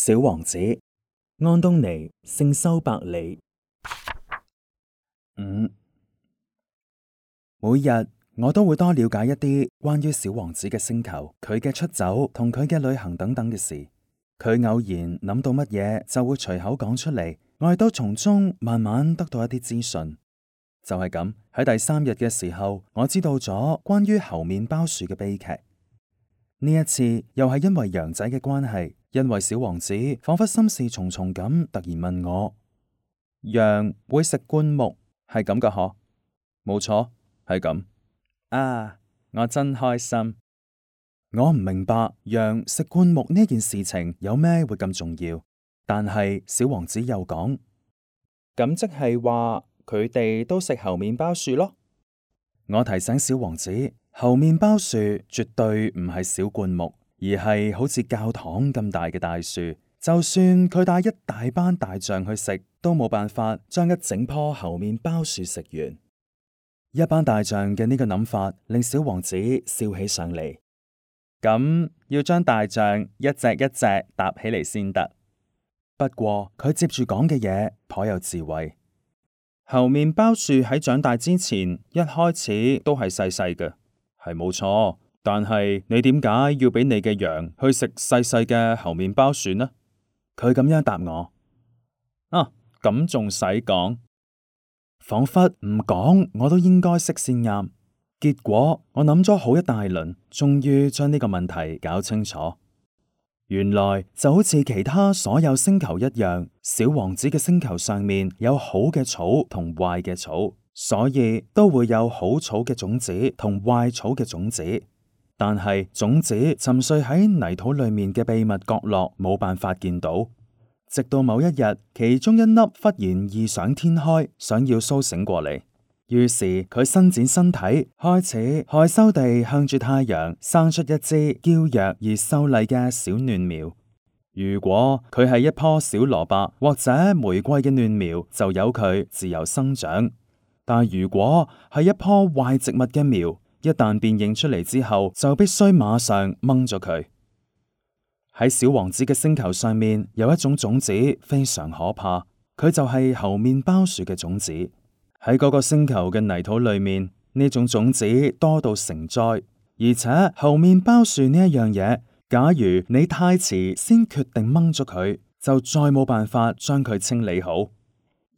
小王子，安東尼聖修伯里。五、嗯、每日我都會多了解一啲關於小王子嘅星球、佢嘅出走同佢嘅旅行等等嘅事。佢偶然諗到乜嘢就會隨口講出嚟，我哋都從中慢慢得到一啲資訊。就係、是、咁，喺第三日嘅時候，我知道咗關於猴麵包樹嘅悲劇。呢一次又係因為羊仔嘅關係，因為小王子仿佛心事重重咁，突然問我羊會食灌木係咁噶呵？冇錯係咁啊！我真開心。我唔明白羊食灌木呢件事情有咩會咁重要，但係小王子又講咁，即係話佢哋都食猴麵包樹咯。我提醒小王子。猴麵包樹絕對唔係小灌木，而係好似教堂咁大嘅大樹。就算佢帶一大班大象去食，都冇辦法將一整棵猴麵包樹食完。一班大象嘅呢個諗法令小王子笑起上嚟，咁要將大象一隻一隻搭起嚟先得。不過佢接住講嘅嘢頗有智慧。猴麵包樹喺長大之前，一開始都係細細嘅。係冇錯，但係你點解要俾你嘅羊去食細細嘅猴麵包樹呢？佢咁樣答我啊，咁仲使講？仿佛唔講我都應該識先啱。結果我諗咗好一大輪，終於將呢個問題搞清楚。原來就好似其他所有星球一樣，小王子嘅星球上面有好嘅草同壞嘅草。所以都會有好草嘅種子同壞草嘅種子，但係種子沉睡喺泥土裏面嘅秘密角落，冇辦法見到。直到某一日，其中一粒忽然異想天開，想要蘇醒過嚟，於是佢伸展身體，開始害羞地向住太陽生出一支嬌弱而秀麗嘅小嫩苗。如果佢係一棵小蘿蔔或者玫瑰嘅嫩苗，就由佢自由生長。但如果係一棵壞植物嘅苗，一旦辨認出嚟之後，就必須馬上掹咗佢。喺小王子嘅星球上面，有一種種子非常可怕，佢就係猴麵包樹嘅種子。喺嗰個星球嘅泥土裏面，呢種種子多到成災。而且猴麵包樹呢一樣嘢，假如你太遲先決定掹咗佢，就再冇辦法將佢清理好。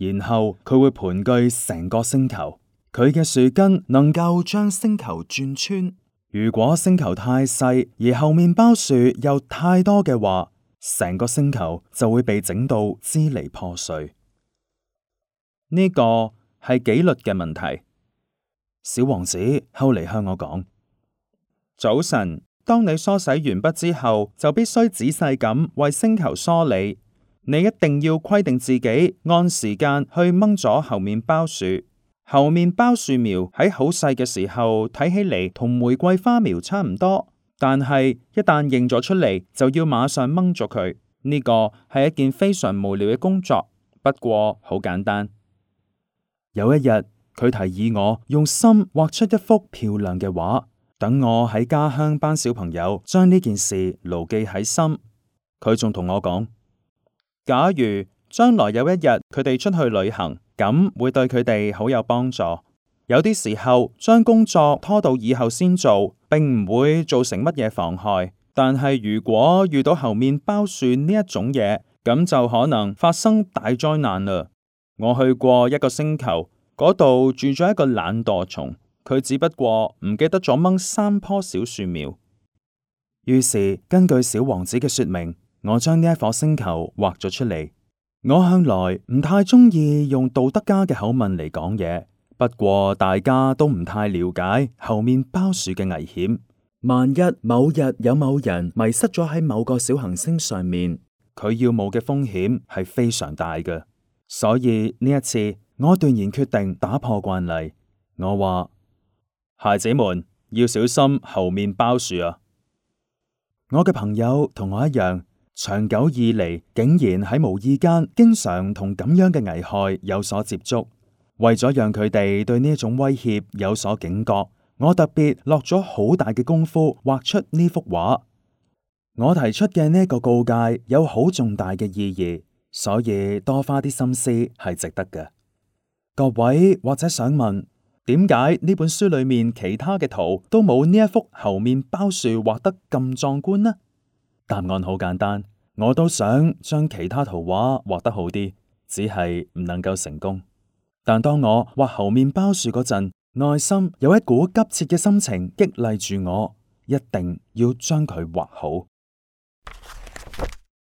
然後佢會盤踞成個星球，佢嘅樹根能夠將星球轉穿。如果星球太細，而後麵包樹又太多嘅話，成個星球就會被整到支離破碎。呢個係紀律嘅問題。小王子後嚟向我講：早晨，當你梳洗完畢之後，就必須仔細咁為星球梳理。你一定要規定自己按時間去掹咗猴麵包樹。猴麵包樹苗喺好細嘅時候，睇起嚟同玫瑰花苗差唔多，但係一旦認咗出嚟，就要馬上掹咗佢。呢個係一件非常無聊嘅工作，不過好簡單。有一日，佢提議我用心畫出一幅漂亮嘅畫，等我喺家鄉班小朋友將呢件事牢記喺心。佢仲同我講。假如將來有一日佢哋出去旅行，咁會對佢哋好有幫助。有啲時候將工作拖到以後先做，並唔會造成乜嘢妨害。但係如果遇到猴麵包樹呢一種嘢，咁就可能發生大災難啦。我去過一個星球，嗰度住咗一個懶惰蟲，佢只不過唔記得咗掹三棵小樹苗。於是根據小王子嘅說明。我將呢一顆星球畫咗出嚟。我向來唔太鍾意用道德家嘅口吻嚟講嘢，不過大家都唔太了解猴麵包樹嘅危險。萬一某日有某人迷失咗喺某個小行星上面，佢要冒嘅風險係非常大嘅。所以呢一次，我斷然決定打破慣例。我話：孩子們，要小心猴麵包樹啊！我嘅朋友同我一樣。長久以嚟，竟然喺無意間經常同咁樣嘅危害有所接觸，為咗讓佢哋對呢種威脅有所警覺，我特別落咗好大嘅功夫畫出呢幅畫。我提出嘅呢個告誡有好重大嘅意義，所以多花啲心思係值得嘅。各位或者想問，點解呢本書裏面其他嘅圖都冇呢一幅后麵包樹畫得咁壯觀呢？答案好簡單，我都想將其他圖畫畫得好啲，只係唔能夠成功。但當我畫後麵包樹嗰陣，內心有一股急切嘅心情激勵住我，一定要將佢畫好。